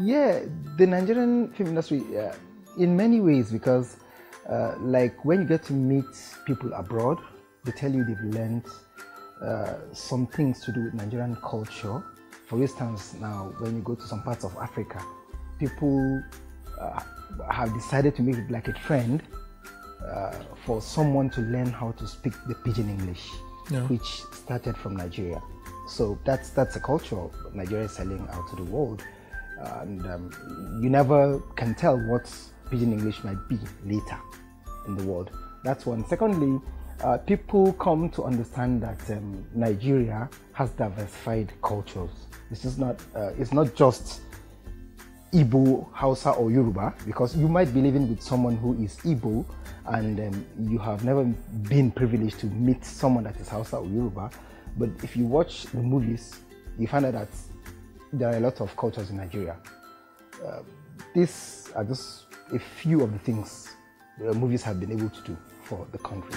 Yeah, the Nigerian film industry, uh, in many ways, because uh, like when you get to meet people abroad, they tell you they've learned uh, some things to do with Nigerian culture. For instance, now when you go to some parts of Africa, people uh, have decided to make it like a trend uh, for someone to learn how to speak the pidgin English, yeah. which started from Nigeria. So that's that's a culture Nigeria is selling out to the world and um, you never can tell what Pidgin English might be later in the world. That's one. Secondly, uh, people come to understand that um, Nigeria has diversified cultures. This is not uh, it's not just Igbo, Hausa, or Yoruba because you might be living with someone who is Igbo and um, you have never been privileged to meet someone that is Hausa or Yoruba. But if you watch the movies, you find out that there are a lot of cultures in Nigeria. Uh, these are just a few of the things the movies have been able to do for the country.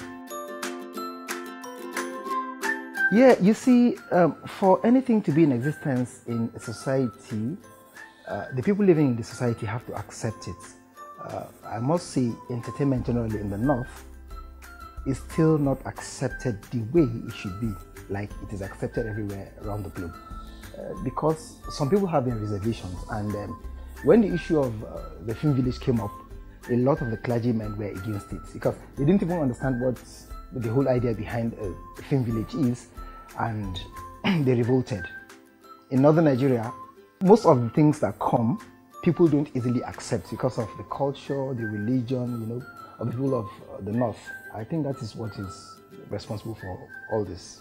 Yeah, you see, um, for anything to be in existence in a society, uh, the people living in the society have to accept it. Uh, I must say, entertainment generally in the North is still not accepted the way it should be, like it is accepted everywhere around the globe. Uh, because some people have their reservations. And um, when the issue of uh, the film village came up, a lot of the clergymen were against it because they didn't even understand what the whole idea behind a uh, film village is, and they revolted. In northern Nigeria, most of the things that come, people don't easily accept because of the culture, the religion, you know, of the people of uh, the north. I think that is what is responsible for all this.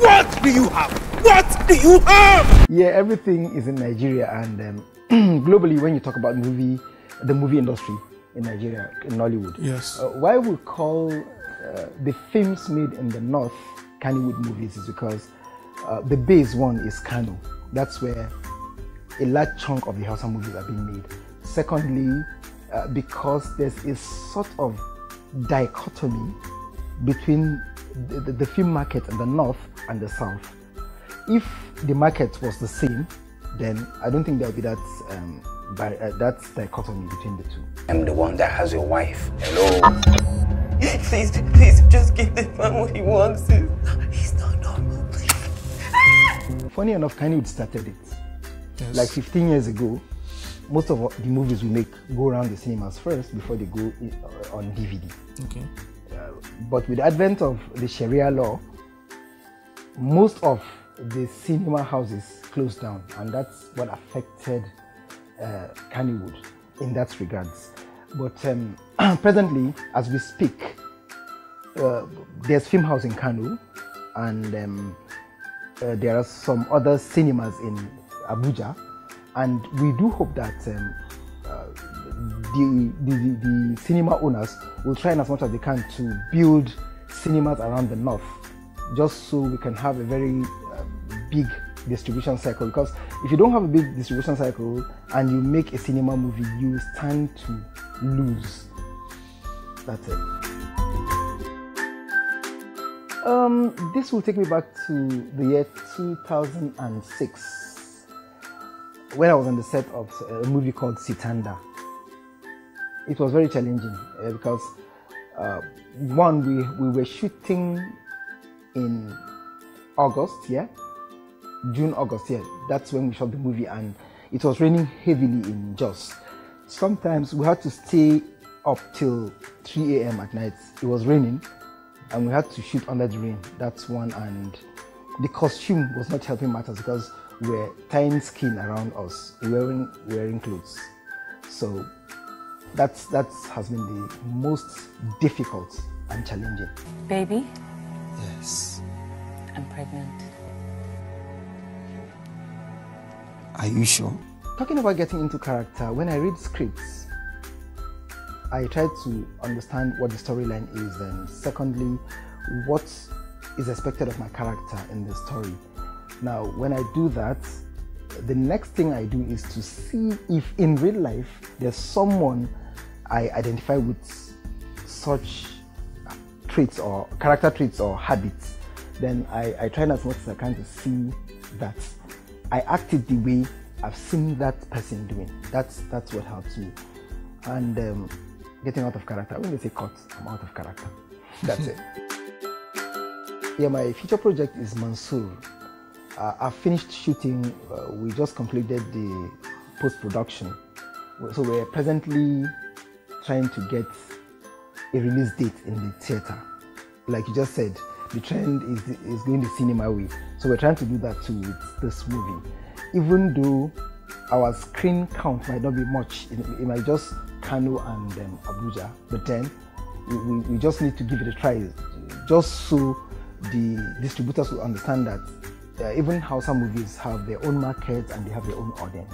What do you have? What do you have? Yeah, everything is in Nigeria and um, globally when you talk about movie, the movie industry in Nigeria, in Nollywood. Yes. Uh, why we call uh, the films made in the north Kannywood movies is because uh, the base one is Kano. That's where a large chunk of the Hausa movies are being made. Secondly, uh, because there's a sort of dichotomy between the, the, the, film market in the north and the south. If the market was the same, then I don't think there would be that um, by, uh, that's dichotomy between the two. I'm the one that has your wife. Hello. Please, please, just give this man what he wants. He's not normal, please. Ah! Funny enough, Kanyewood started it. Yes. Like 15 years ago, most of the movies we make go around the cinemas first before they go uh, on DVD. Okay. Uh, but with the advent of the Sharia law, most of the cinema houses closed down, and that's what affected uh, in that regards. But um, presently, as we speak, uh, there's film house in Kanu, and um, uh, there are some other cinemas in Abuja, and we do hope that um, uh, the, the, the cinema owners will try as much as they can to build cinemas around the north just so we can have a very uh, big distribution cycle because if you don't have a big distribution cycle and you make a cinema movie you stand to lose that's it um, this will take me back to the year 2006 when i was on the set of a movie called sitanda it was very challenging uh, because uh, one we, we were shooting in August, yeah? June, August, yeah. That's when we shot the movie and it was raining heavily in Jos. Sometimes we had to stay up till 3 a.m. at night. It was raining and we had to shoot under the rain. That's one. And the costume was not helping matters because we are tying skin around us, wearing, wearing clothes. So that's, that has been the most difficult and challenging. Baby? Yes. I'm pregnant. Are you sure? Talking about getting into character, when I read scripts, I try to understand what the storyline is, and secondly, what is expected of my character in the story. Now, when I do that, the next thing I do is to see if in real life there's someone I identify with such traits or character traits or habits, then I, I try as much as I can to see that I acted the way I've seen that person doing. That's that's what helps me. And um, getting out of character. When they say cut, I'm out of character. That's it. Yeah, my future project is Mansoor. Uh, I finished shooting. Uh, we just completed the post production, so we're presently trying to get a release date in the theater. Like you just said, the trend is, is going the cinema way. So we're trying to do that too with this movie. Even though our screen count might not be much, it, it might just Kano and um, Abuja, but then we, we, just need to give it a try just so the distributors will understand that uh, even some movies have their own market and they have their own audience.